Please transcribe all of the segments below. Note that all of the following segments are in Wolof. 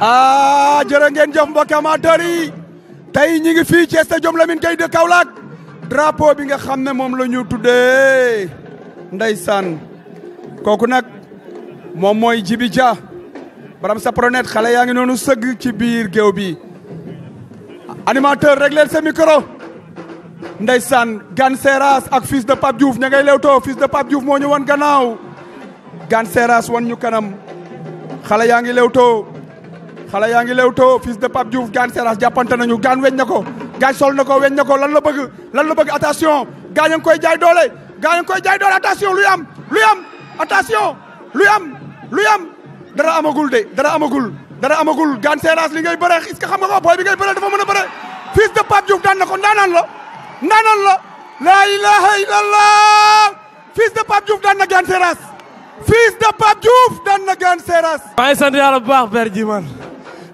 ah jere ngeen jox mbokk amateur tay ñi ngi fi ci stade jom Lamine Gueye de Kaolack drapeau bi nga xamne mom la ñu tuddee ndeysaan kooku nag moom mooy sa pronet xalé yaa ngi noonu sëgg ci biir geew bi animateur régler sa micro ndaysan Gan Seras ak fils de Pape Diouf ñay ngay lewtoo fils de Pape Diouf mo ñu won gannaaw Gan Seras wan ñu kanam xalé yaa ngi xale yaa ngi Leewtoo fils de Pape Diouf gaan Seras jàppante nañu gaan weñ na ko gaan sol na ko weñ ko lan la bëgg lan la bëgg attention gaan a ngi koy jaay doole gaan a ngi koy jaay doole attention luy am luy am attention luy am luy am gul de dara amagul dara amagul gaan Seras li ngay bëre est xam nga ko booy bi ngay bëre dafa mën a bëre fils de Pape Diouf daan na ko ndaanaan la ndaanaan la la ilaha illallah fils de Pape Diouf daan na gaan Seras fils de Pape Diouf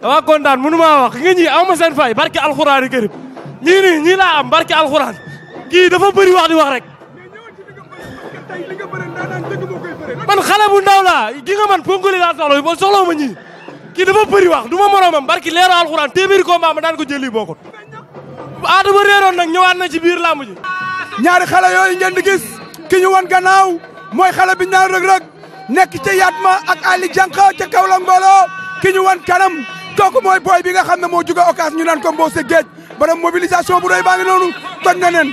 wa kontan munu ma wax nga ñi aw ma seen fay barki alxuraan karim ñi ni ñi la am barki alxuraan kii dafa bari wax di wax rek man xale bu ndaw la gi nga man ponkoli la solo bo solo ma ñi ki dafa bari wax duma ma moromam barki leero alxuraan téeméeri ko ma ma daan ko jëli boko adama reeron nak ñëwaat na ci biir lamu ji ñaari xale yoy ngeen di gis ki ñu won gannaaw moy xale bi ñaan rek rek nek ci yatma ak ali jànq ci kawla mbolo ki ñu won kanam kooku mooy booy bi nga xam ne moo jóge occas ñu naan ko Mbow sa géej borom mobilisation bu doy baa ngi noonu toj na nen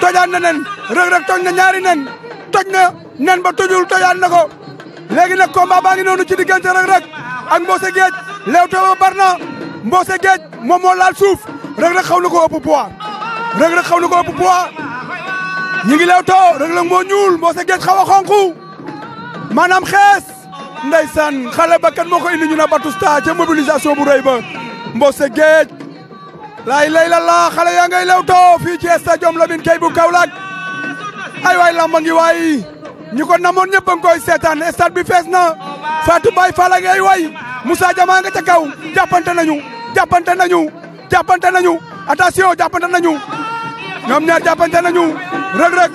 tojaan na nen Reug toj na ñaari nen toj na nen ba tojul tojaan na ko léegi nag combat baa ngi noonu ci diggante Reug Reug ak Mbow sa géej ba bar na Mbow moom moo laal suuf Reug Reug xaw na ko ëpp poids Reug xaw na ko ëpp poids ñi ngi léew to Reug Reug moo ñuul Mbow sa géej xaw a xonku maanaam xees ndeysaan xale ba kan moo ko indi ñu na Batousta ca mobilisation bu rëy ba Mbossé Géej laay lay la la xale yaa ngay lewtoo fii ci stade Lamine Gueye bu Kaolack ay waay lamba ngi waay ñi ko namoon ñëpp a koy seetaan stade bi fees na Fatou Baye Fall a ngi ay waay Moussa Diama nga ca kaw jàppante nañu jàppante nañu jàppante nañu attention jàppante nañu ñoom ñaar jàppante nañu Reug Reug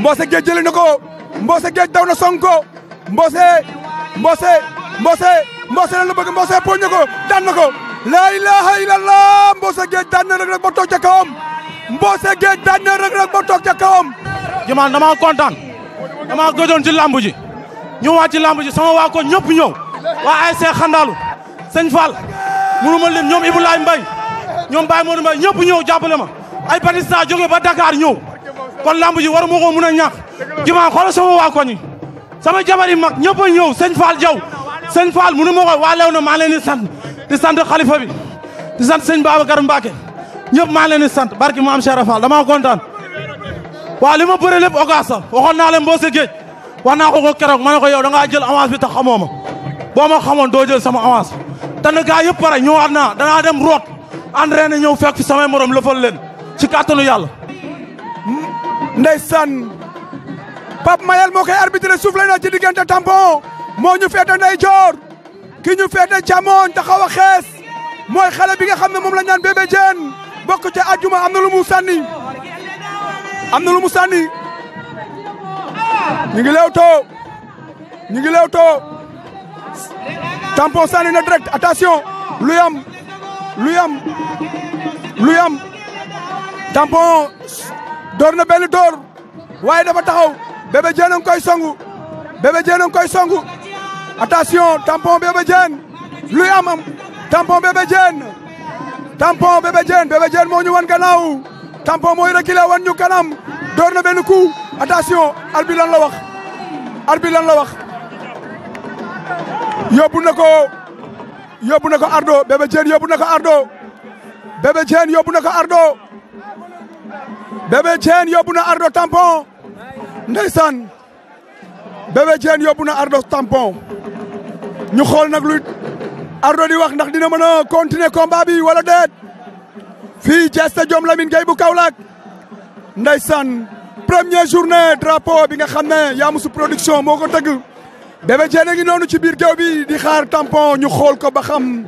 Mbossé Géej jëli na ko Mbossé Géej daw na song ko Mbose Mbose Mbose Mbose lan la bëgg Mbose poñ na ko daan ko laa ilaha illallah Mbose Gueye daan na Reug Reug ba toog ca kawam Mbose Gueye daan na Reug Reug ba toog ca ci lamb ji ñu waa ci lamb ji sama waa ko ñëpp ñëw waa ASC Xandaalu sëñ Fall mënu ñoom Ibulaay Mbay ñoom Baye Modou Mbay ñëpp ma ay partisans jóge ba Dakar ñëw kon lamb ji waru ma ko mun a ñàkk waa ko sama jabar yi mag ñëpp a ñëw sëñ Fall Diaw sëñ Fall mënu ma ko waa Léona maa leen di sant di sant xalifa bi di sant sëñ Babacar Mbacke ñëpp maa leen di sant barki maam Cheikh Fall damaa kontaan. waaw li ma bëre lépp Ogasa waxoon naa leen Mbossé Géej wax naa ko ko keroog ma ne ko yow da ngaa jël avance bi tax xamoo ma boo ma xamoon doo jël sama avance. te nag gars yëpp pare ñëwaat naa danaa dem root entraîné ñëw fekk fi samay morom lëfal leen ci kàttanu yàlla. ndeysaan. Pap mayal mo kay arbitre souffle na ci diggante tampon mo ñu féete jor ki ñu fété chamon taxaw xess moy mooy bi nga xam mom la ñaan bébé jeen bokku ci aljuma amna lu mu sanni amna lu mu sanni ñi ngi lewtoo ñi ngi lewtoo tampon sanni na direct attention lu yam lu yam lu yam tampon dor na ben dor waye dafa taxaw Bébé Diène a ngi koy songu Bébé Diène a ngi koy songu attention tampon Bébé Diène luy am am tampon Bébé tampon Bébé Diène Bébé Diène moo ñu gannaaw tampon mooy reculer wan ñu kanam door na benn coup attention arbitre lan la wax arbitre lan la wax yóbbu na ko yóbbu na ko Ardo Bébé Diène yóbbu na ko Ardo Bébé Diène yóbbu na ko Ardo Bébé Diène na Ardo tampon ndeysaan Bébé Diène yóbbu na Ardo tampon ñu xool nag luy Ardo di wax ndax dina mën a continuer combat bi wala déet fii Diass Diom Lamine Gueye bu Kaolack ndeysaan première journée drapeau bi nga xam ne Yamoussou production moo ko tëgg Bébé Diène a ngi noonu ci biir géew bi di xaar tampon ñu xool ko ba xam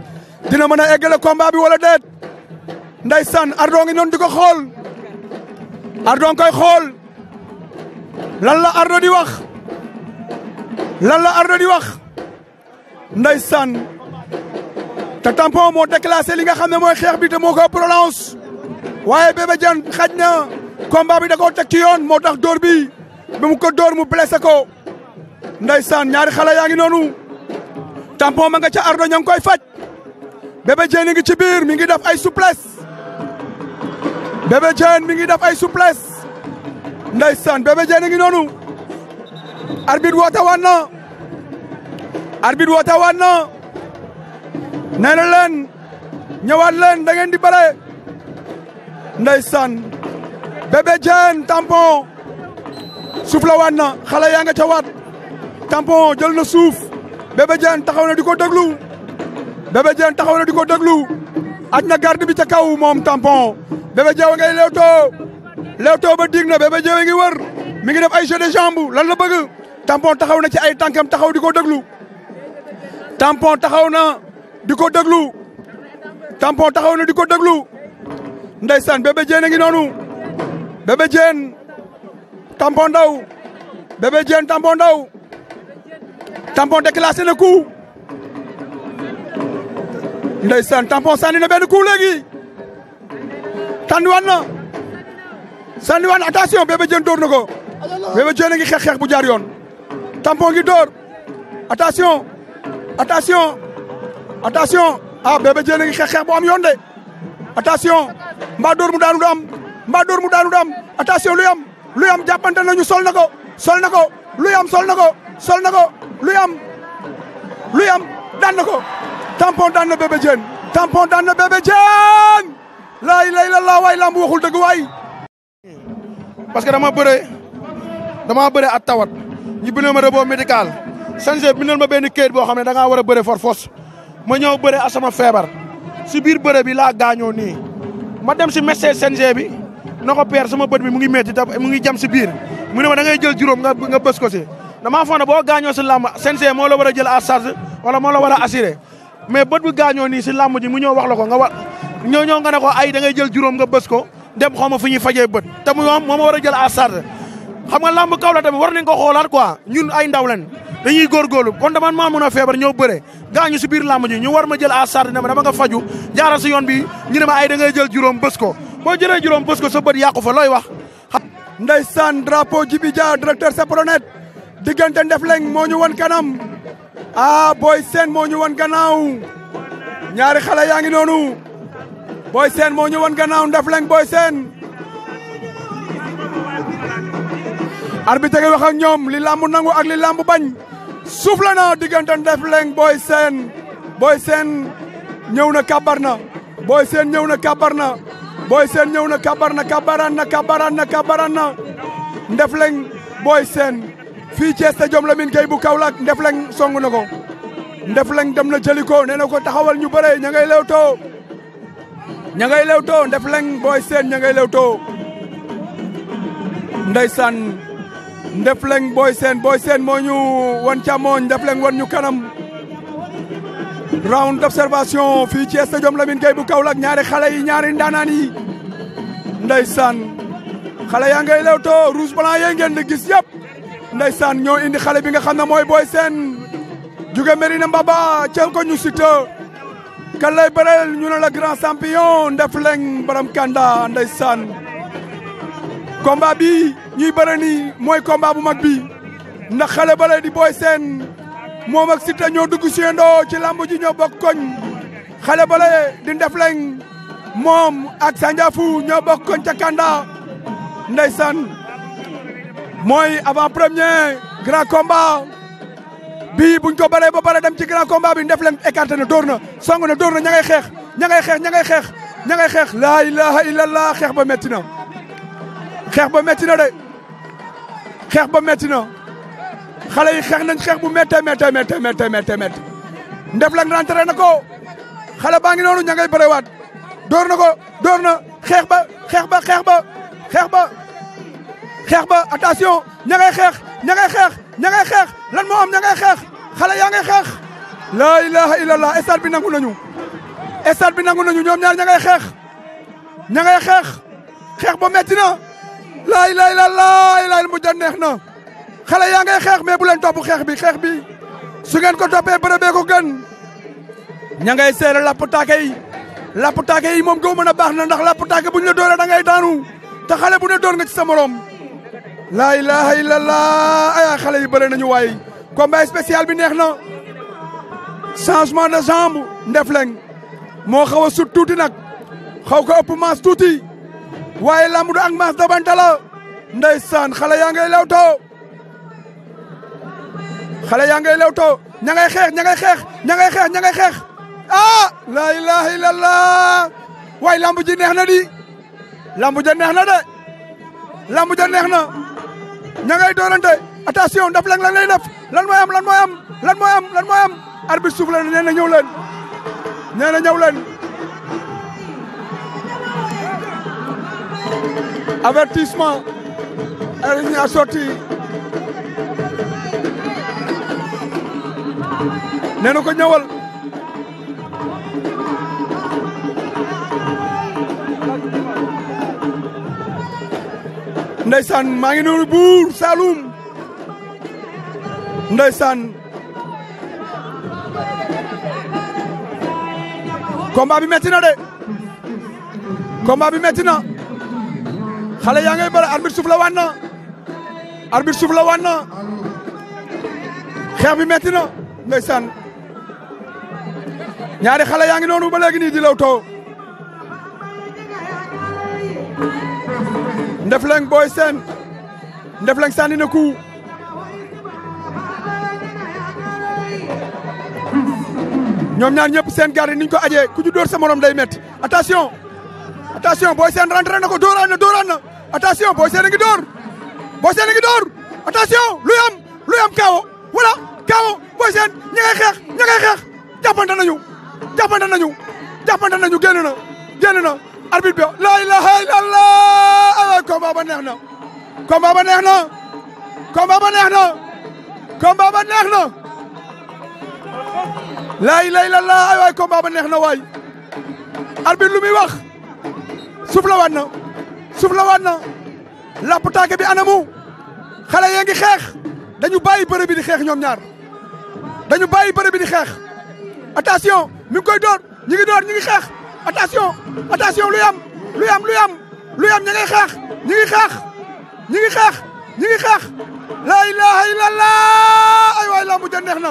dina mën a eggale combat bi wala déet ndeysaan Ardo ngi noonu di ko xool Ardo ngi koy xool Lala la Ardo di wax lan la Ardo di wax ndaysan ta tampon mo déclassé li nga xamné moy mooy bi te moo ko prolonge waye Bébé jan xajna combat bi da ko tek ci yoon motax dor bi bi mu ko dor mu blessé ko ndaysan ñaari xala yaangi nonu tampon ma nga ci Ardo ñang koy fajj Bébé jan ngi ci bir mi ngi def ay souplesse Bébé jan mi ngi def ay souplesse ndeysaan Bébé Diène ngi noonu arbitre woote waat na arbitre woote waat na nee leen ñëwaat leen da di bare ndeysaan Bébé Diène tampon suuf la waat na xale yaa nga ca waat tampon jël na suuf Bébé Diène taxaw na di ko déglu Bébé Diène taxaw na di ko déglu aj na garde bi ca kaw moom tampon Bébé Diène ngay leewtoo Leewtoo ba dig na Bébé Dièye ngi wër mi ngi def ay jeu de jambe lan la bëgg Tampon taxaw na ci ay tànkam taxaw di ko déglu Tampon taxaw na di ko déglu Tampon taxaw na di ko déglu ndeysaan Bébé Dièye ngi noonu Bébé Dièye Tampon daw Bébé Dièye Tampon daw Tampon déclassé na coup ndeysaan Tampon sànni na benn coup léegi tànn sànni waan attention Bébé Diène na ko Bébé Diène a bu jaar yoon tampon ngi dóor attention attention attention ah Bébé Diène a ngi xeex xeex bu am yoon de attention mbaa dóor mu daanu du am mbaa mu daanu du am attention luy am luy am jàppante nañu sol na ko sol na ko luy am sol na ko sol na ko luy am luy am daan na ko tampon daan na Bébé Diène daan na Bébé Diène laay lay la laa waay lamb waxul dëgg waay parce que dama beure dama beure ak tawat ñu bindoo ma robot médical CNG bindal ma bénn kër bo xamné ne da nga wara beure for force ma ñëw beure ak sama feebar si biir beure bi la gaño ni ma dem ci message CNG bi nako père sama bët bi mu ngi metti te mu ngi jam ci biir mu ne ma da ngay jël juróom nga nga bëss ko ci dama foog ne gaño ci lamb làmb mo la wara jël à charge wala mo la wara a assuré mais bët bi gaño ni ci lamb ji mu ñow wax la ko nga ñoo ñoo nga ne ko ay da ngay jël juróom nga bëss ko dem xawma ma fu ñuy fajee bët mu mo wara kamu jël asar xam nga lamb kaw la dem war nañ ko xolaat quoi ñun ay ndaw lañ dañuy góorgóorlu kon dama ma mëna a ñoo bëré gañu ci biir lamb ñu ñu war ma jël asar né ma dama nga faju jaara ci yoon bi ñu né ma ay da ngay jël juroom bëss ko bo jëlé juroom bëss ko sa bëtt yaq fa loy wax ndeysaan drapeau Djibi jaar directeur digënté diggante Ndefleng mo ñu won kanam ah Boy Sen mo ñu won gannaaw ñaari xale yaangi nonu Boy Sène moo ñëwoon gannaaw Ndefleng Boy Sène arbitre gi wax ak ñoom li làmb nangu ak li làmb bañ soufflé na diggante Ndefleng Boy Sène Boy Sène ñëw na kabar na Boy Sène ñëw na kabar na Boy ñëw na kabar na kabaraan na kabaraan na kabaraan na Ndefleng Boy Sène fii ci stadium Lamine Gueye bu Kaolack Ndefleng song na ko Ndefleng dem na jëli ko nee na ko taxawal ñu bëre ña ngay lewtoo ña ngay lewtoo Ndefleng Boy Sène ña ngay lewtoo ndeysaan Ndefleng Boy Sène Boy Sène moo ñu wan càmmooñ Ndefleng wan ñu kanam round d'observation fii ci stadium Lamine Gueye bu Kaolack ñaari xale yi ñaari ndaanaan yi san xale yaa ngay lewtoo rouge blanc yee ngeen di gis yëpp ndeysaan ñoo indi xale bi nga xam ne mooy Boy Sène jóge ba Mbaba cel ko ñu Siteu kan lay bëreel ñu ne la grand champion Ndefleng borom Kanda ndeysaan combat bi ñuy bëre ni mooy combat bu mag bi ndax xale di booy seen moom ak Siteu ñoo dugg siyendoo ci lamb ji ñoo bokk koñ xale bale di mooy avant premier grand combat bii buñ ko baree ba pare dem ci grand combat bi ndef leen écarté na dóor na song na dóor na ña ngay xeex ña ngay xeex ña ngay xeex ña ngay xeex laa ilaha illallah xeex ba metti na xeex ba metti na de xeex ba metti na xale yi xeex nañ xeex bu méttee méttee méttee méttee méttee méttee ndef la na ko xale baa ngi noonu ña ngay bërewaat door na ko door na xeex ba xeex ba xeex ba xeex ba xeex ba attention ña ngay xeex ña xeex ña ngay xeex lan moo am ña ngay xeex xale yaa ngay xeex laa ilaha illallah stade bi nangu nañu stade bi nangu nañu ñoom ñaar ña ngay xeex ña ngay xeex xeex ba metti na laa ilaha illallah ilaha mu ja neex na xala yaa ngay xeex mais bu leen topp xeex bi xeex bi su ngeen ko toppee bërëbee ko gën ña ngay seere lapp taake yi lapp taake i moom gëw mën a baax na ndax lapp taake bu ñu la dooree da ngay daanu te xale bu ne door nga ci sa laa ilaha illallah ay xale yi bëre nañu waay combat spécial bi neex na changement de jambe Ndefleng moo xaw sut tuuti nag xaw ko ëpp maas tuuti waaye lamb du ak maas dabante la ndeysaan xale yaa ngay lewtoo xale yaa ngay lewtoo ña ngay xeex ña ngay xeex ña ngay xeex ña ngay xeex ah laa ilaha illallah way lamb ji neex na di lamb ja neex na de lamb ja neex na ña ngay attention daf lang lang lay def lan moy am lan moy am lan moy am lan moy am arbitre souffle na neena ñew leen neena ñew leen avertissement a sorti neena ko ñewal ndeysaan maa ngi nuyu buur Saloum ndeysaan combat bi metti na de combat bi metti na xale yaa ngay bëre arbitre suuf la wan na arbitre suuf la wan na xeex bi metti na xale yaa ngi noonu ba nii di law Ndefleng Boy sen Ndefleng sani ne kou ñoom ñaar ñep sen garde niñ ko ajee ku ju dóor sa morom day metti attention attention Boy sen rentré na ko dorana na dóoraan na attention Boy sen ngi dóor Boy sen ngi dóor attention lu yam lu yam kaawo wala kaawo Boy sen ngay ngay nañu nañu nañu genn na genn na arbitre bi la ilaha illallah combat ba combat ba combat ba ilaha illallah ay combat ba arbitre la porte est la bi anamu ye ngi xex dañu attention mi door ñi attention attention luy am luy am luy am luy am ñi ngi xeex ñi xeex ñi xeex la ilaha illallah ay waay lambu neex na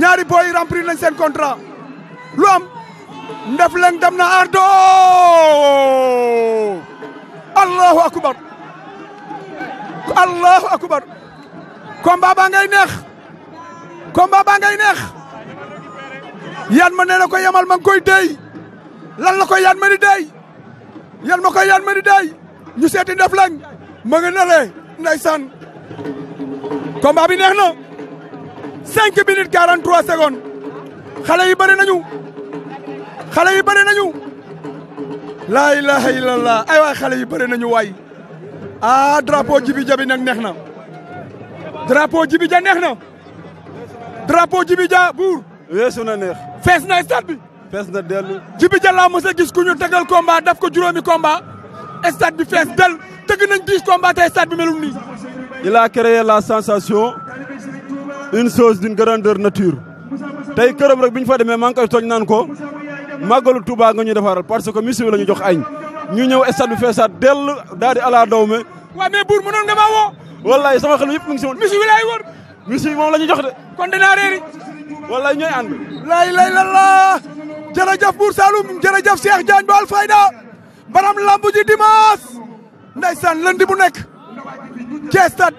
ñaari boy yi remplir nañ seen lu am ndef leng dem na ardo allahu akbar allahu akbar combat baa ngay neex combat baa ngay neex yan ma nee na ko ma ngi koy dey lan la ko Yane Mady Dey yan ma ko Yane Mady Dey ñu seeti Ndefleng ma nga nalee ndeysaan combat bi neex na 5 minutes 43 secondes xale yi bëri nañu xale yi bëri nañu laa ilaha illallah ay waay xale yi bëri nañu waay ah drapeau jibi ja bi nag neex na drapeau jibi ja neex na drapeau jibi buur weesu na neex fees na stade bi fees na dellu. Djibi Dia laa mos a gis ku ñu tegal combat daf ko juróomi combat stade bi fees del tëgg nañ dix combat te stade bi melul nii. il a créé la sensation une chose d'une grandeur nature tey këram rek bi ñu fa demee maa koy tooñ naan ko màggalu Touba nga ñu defaral parce que mission la ñu jox añ ñu ñëw stade bi feesaat dell daal di ala daw me. waaw mais buur mënoon nga maa woo. wallaay sama xel yëpp mi ngi si woon. mission bi laay wër. la ñu jox de. kon dinaa réeri. wallaay ñooy ànd. la jerejeuf bour Saloum jerejeuf Cheikh Diagne bu fayda baram lambu ji dimas, ndaysan lendi bu nek ci stade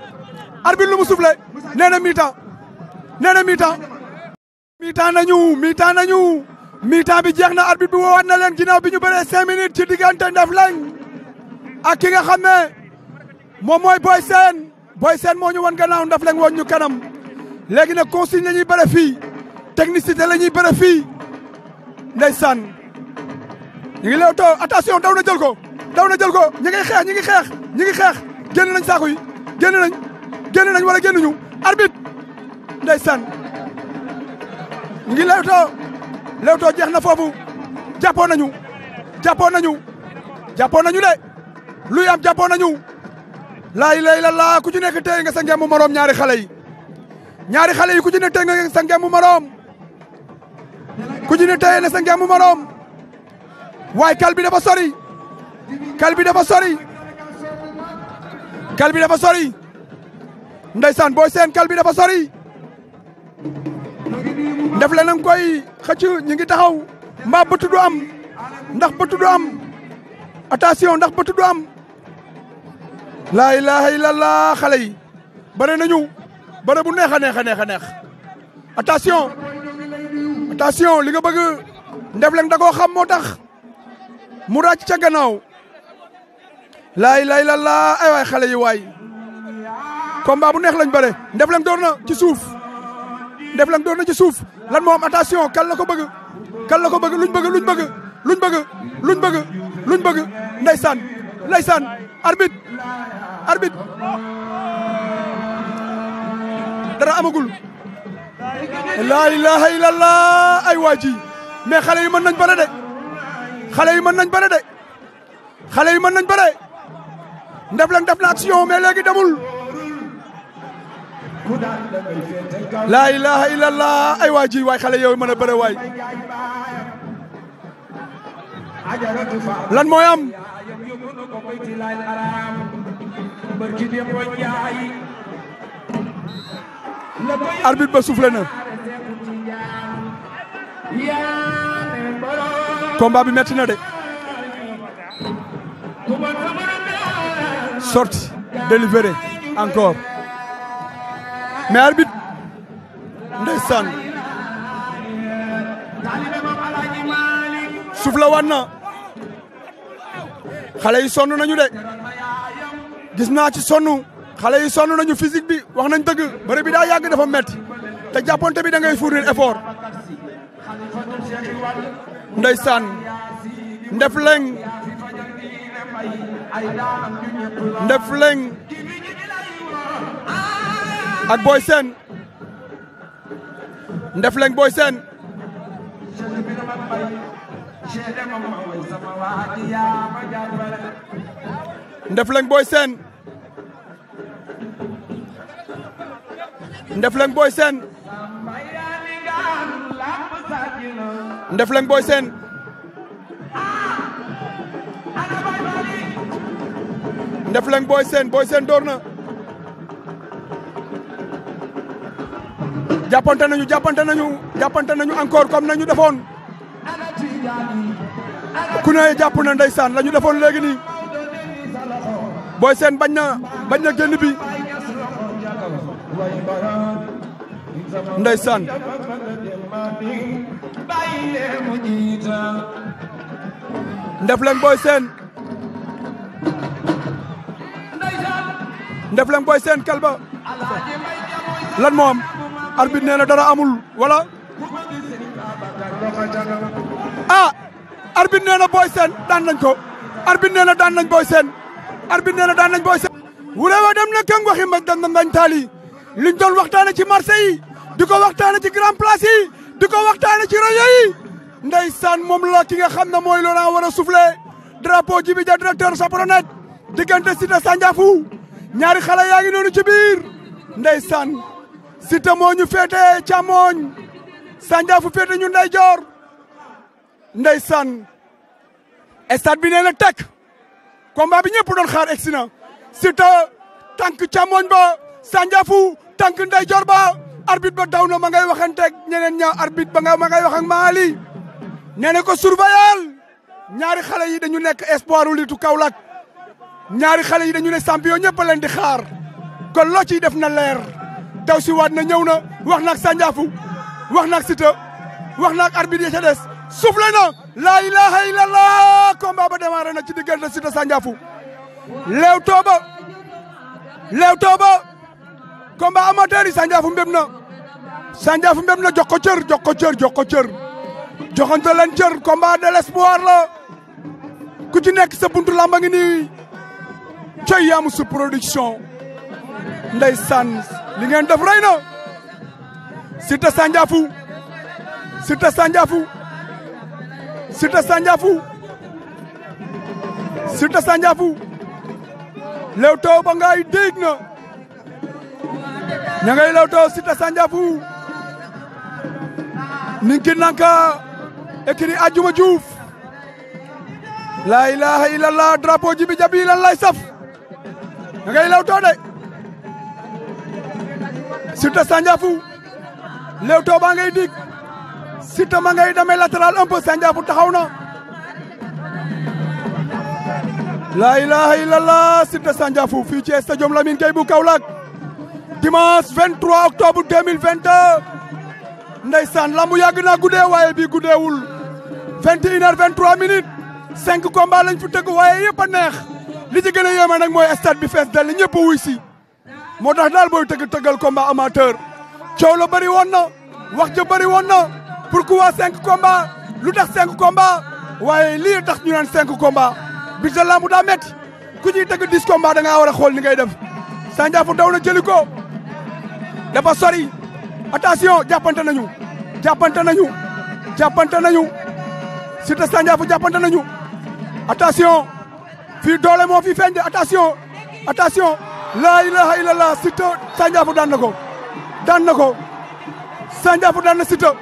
arbitre lu mu soufflé nee na mi-temps nee mi-temps mi-temps nañu mi-temps nañu mi-temps bi jeexna arbitre bi woon na len ginaaw biñu ñu 5 minutes ci diggante lañ ak ki nga xamé mom moy Boy sen, Boy sen moo ñu wan gannaaw Ndefleng woon ñu kanam légui na consigne lañuy ñuy fi, technicité lañuy ñuy fi ndeysaan ñu ngi leew too attention daw na jël ko daw na jël ko ñi ngi xeex ñi ngi xeex ñi ngi xeex génn nañ saako yi génn nañ génn nañ wala génnuñu arbitre ndeysaan ngi leew too leew too jeex na foofu jàppoon nañu jàppoon nañu jàppoon nañu de luy am jàppoon nañu laay lay la laa ku ci nekk tey nga sa ngembu moroom ñaari xale yi ñaari xale yi ku ci nekk tey nga sa ngembu moroom ku ci ne teye na sa ngembu moroom waaye kal bi dafa sori kal bi dafa sori kal bi dafa sori ndeysaan booy seen kal bi dafa sori def le nanga koy xëcc ñi ngi taxaw mbaa bëtu du am ndax bëtu du am attention ndax bëtu du am laa ilaha illallah xale yi bare nañu bare bu neex a neex a neex a neex attention attention li nga bëgg Ndefleng da koo xam moo tax mu ràcc ca gannaaw lay laay la laa ay waay xale yi waay combat bu neex lañ bëre Ndefleng door na ci suuf Ndefleng door na ci suuf lan moo am kan la ko bëgg kan la ko bëgg luñ bëgg luñ bëgg luñ bëgg luñ bëgg luñ bëgg ndeysaan ndeysaan arbitre arbitre dara amagul laa ilaha illallah ay waa ji mais xale yi mën nañ bëre de xale yi mën nañ bëre de xale yi mën nañ bëre ndef leen def na action mais léegi demul laa ilaha illallah ay waa ji waay mën a bëre waay lan mooy am arbitre ba souffler na combat bi metti na de sortie encore mais arbitre descend. soufflé à na xale yi sonn nañu de gis naa ci xale yi sonn nañu physique bi wax nañ tëgg bëre bi daa yàgg dafa metti te jàppante bi da ngay fournir effort ndeysaan ndef leng ndef leng ak boy seen ndef leng boy ndef leng boy Ndefleng Boy Sène Ndefleng Boy seen Ndefleng Boy Sène Boy Sène door na jàppante nañu jàppante nañu jàppante nañu encore comme nañu defoon ku ne jàpp na saan la ñu defoon léegi nii Boy Sène bañ na bañ bi ndeysaan Ndefleng Boy Sène Ndefleng Boy Sène Kalba lan moo am na dara amul wala a ah, arbitre nee na Boy Sène daan nañ ko arbitre na daan nañ Boy seen arbitre nee na daan nañ Boy Sène wurewa dem na kang waxi ma dem na ngañ taali liñ doon waxtaane ci marché yi diko waxtane ci grand place yi diko waxtane ci rajo yi ndeysaan mom la ki nga xam moy mooy Laurent wara souffler soufflé drapeau Djibi ja directeur Chaperonnet digante cité sandiafu ñaari xala yaangi nonu ci bir ndeysaan cité moñu fété féete càmmooñ Sandiafou féete ñu jor ndeysaan stade bi neena tek combat bi ñepp doon xaar cité tank ba Sanjafu tank ndeyjoor ba arbitre ba daw na ma ngay ak ñeneen ñaaw arbitre ba nga ma ngay wax ak mali nee ko surveillal ñaari xalé yi dañu nek espoir litu kaulak ñaari xalé yi dañu ne champion ñepp di xaar kon lo ci def na leer taw si wat na ñëw na wax nak sanjafu wax nak Sita wax nak arbitre ya dess des la na la ilaha illallah combat ba démarré na ci diggante Sita sanjafu lew toba lew toba combat amateur yi Sandiafou mbéb na Sandiafou mbéb na jox ko cër jox cër jox ko cër joxante leen cër combat de la ku ci nekk sa buntu lamba ngi nii coy Yamoussoukh production ndeysaan li ngeen def rey na Siteu Sandiafou Siteu Sandiafou Siteu Sandiafou Siteu Sandiafou Leewtoo ba ngay dégg na ña ngay lewtoo Siteu Sandiafou ninki nanka écurie Adjuma Diouf laa ilaha illallah drapeau jibi jabi lan lay saf ña ngay lewtoo de Siteu Sandiafou lewtoo baa ngay dig Siteu ma ngay demee latéral un peu Sandiafou taxaw na laa ilaha illallah Siteu Sandiafou fii ci stadium Lamine Gueye bu Kaolack dimanche 23 octobre 2022 ndeysaan yag na goudé waye bi goudé wul 21 h 23 minutes 5 combats lañ fi tëgg waye yépp neex li ci gëna yéma nak moy stade bi fess dal ñëpp wuy si motax dal boy booy tëgg combat amateur ciow lo bari woon na wax ci bari woon na pourquoi 5 combats lu tax 5 combats waye li tax ñu nan 5 combats bi sa lambu da metti ku ci tëgg 10 combats da nga wara xol ni ngay def Sandiafou daw na dafa sori attention jàppante nañu jàppante nañu jàppante nañu Siteu Sandiafou jàppante nañu attention fii doole moo fi feeñ de attention attention laa ilaha illallah Siteu Sandiafou daan na ko daan na ko Sandiafou daan na Siteu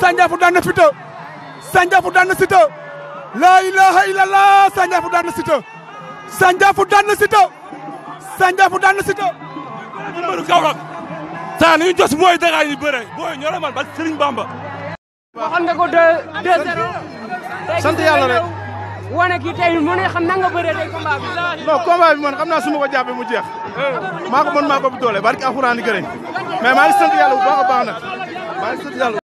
Sandiafou daan na Siteu Sandiafou daan na Siteu laa ilaha illallah Sandiafou daan na Siteu Sandiafou daan na Siteu Sandiafou daan na Siteu saa nu ñu jos booy Dakar yi bëre booy ñoo la man ba Serigne Bamba. waxoon nga rek wane kii tey mu ne xam na nga bëree tey combat naa su ma ko jàppee mu jeex. maa ko mën maa ko doole barki alxuraan di gërëm mais maa ngi sant yàlla baax a baax maa ngi sant